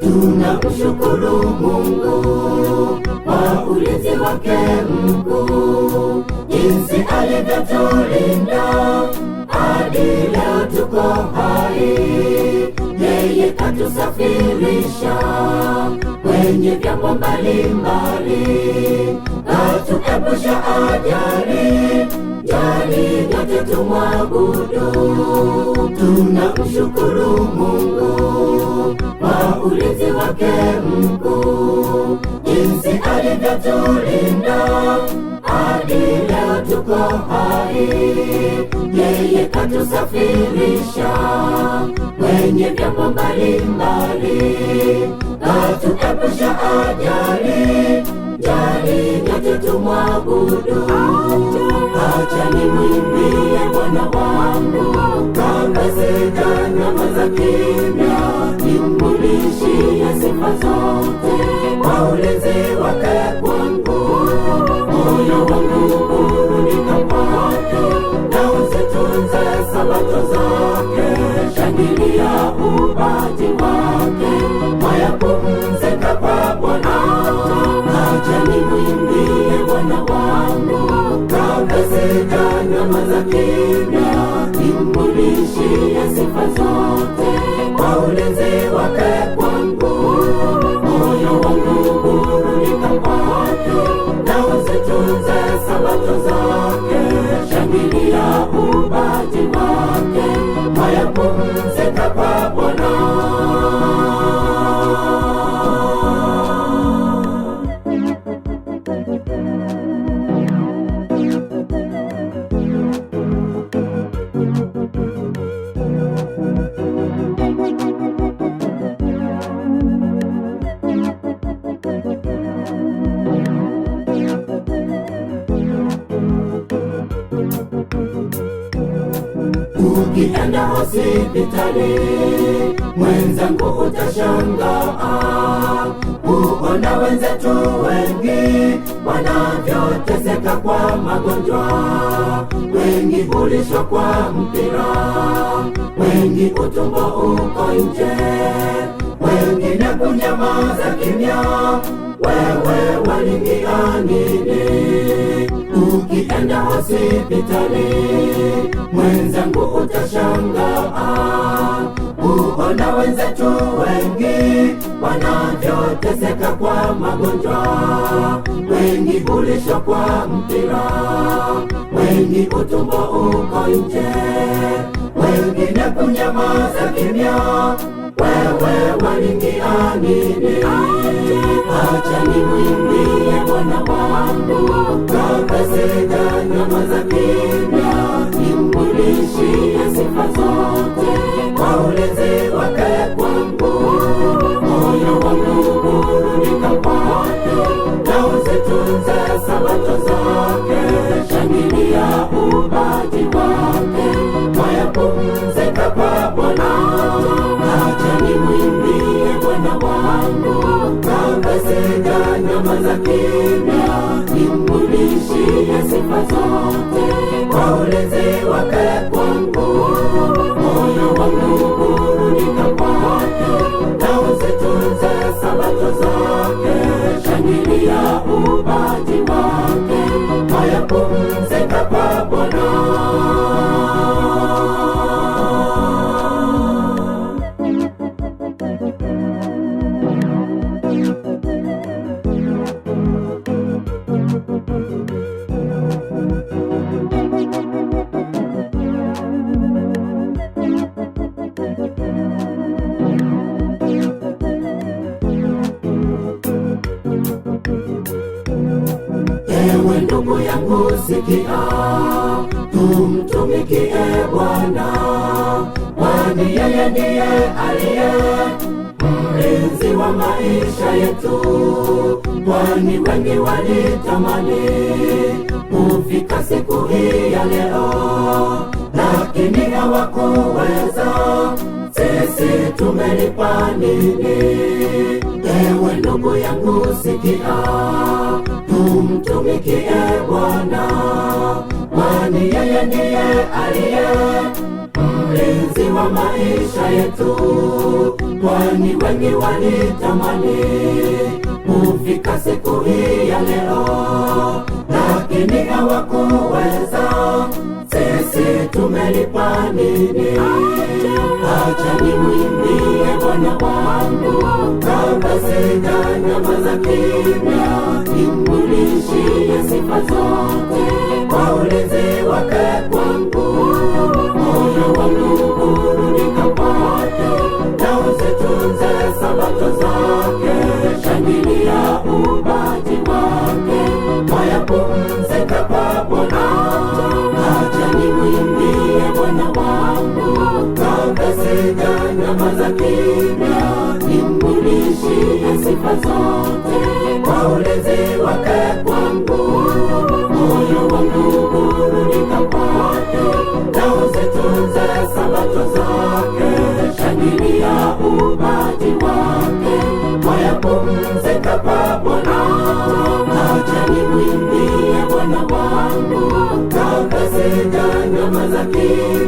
Tunakushukuru Mungu ulinzi wake mkuu, jinsi alivyotulinda hadi leo tuko hai. Yeye katusafirisha kwenye vyombo mbalimbali, katuepusha ajali, jali nyote tumwabudu, tunamshukuru Mungu kwa ulinzi wake mkuu jinsi alivyotulinda hadi leo tuko hai, yeye katusafirisha kwenye vyombo mbalimbali, katuepusha ajali, jali nyote tumwabudu. Acha nimwimbie Bwana wangu, kama sijanyamaza kimya, nimrudishie sifa zote kwa ulinzi wake Mungu. Moyo wangu urudika kwake, na uzitunze sabato zake. Shangilia ubaji wake, mwaya kumzika kwa Bwana. Acheni mwingie Bwana wangu, kabezeka nyama za kimya, nimrudishie sifa zote kwa ulinzi wake ukienda hospitali mwenzangu, utashangaa kuona wenzetu wengi wanavyoteseka kwa magonjwa. Wengi kulishwa kwa mpira, wengi utumbo uko nje, wengine kunyamaza kimya. Wewe walingia nini? ukienda hospitali mwenzangu, utashangaa kuona wenzetu wengi wanavyoteseka kwa magonjwa. Wengi hulishwa kwa mpira, wengi utumbo uko nje, wengine kunyamaza kimya. Wewe walingia nini? Acha ni mwingi Bwana wangu takasika, nyamaza kimya, nimrudishie sifa zote kwa ulinzi kwangu. Moyo wangu huru nikapate, na uzitunze Sabato zake, shangilia Nishie sifa zote kwa ulinzi wake Ewe ndugu yangu sikia, tumtumikie Bwana, kwani yeye ndiye aliye mlinzi wa maisha yetu, kwani wengi walitamani kufika siku hii ya leo, lakini hawakuweza. Sisi tumelipa nini? Ewe ndugu yangu sikia mtumikie Bwana, kwani yeye ndiye aliye mlinzi wa maisha yetu, kwani wengi walitamani kufika siku hii ya leo, lakini hawakuweza. Sisi tumelipa nini? Acha nimwimbie Bwana wangu kama sijanyamaza kimya sifa zote kwa ulinzi wake kwangu. Moyo wangu burudika kwake, na uzitunze sabato zake. Shangilia uumbaji wake, moyo pumzika kwa Bwana. Acha nimwimbie Bwana wangu, kambe sitanyamaza kimya, nimrudishie sifa zote zama za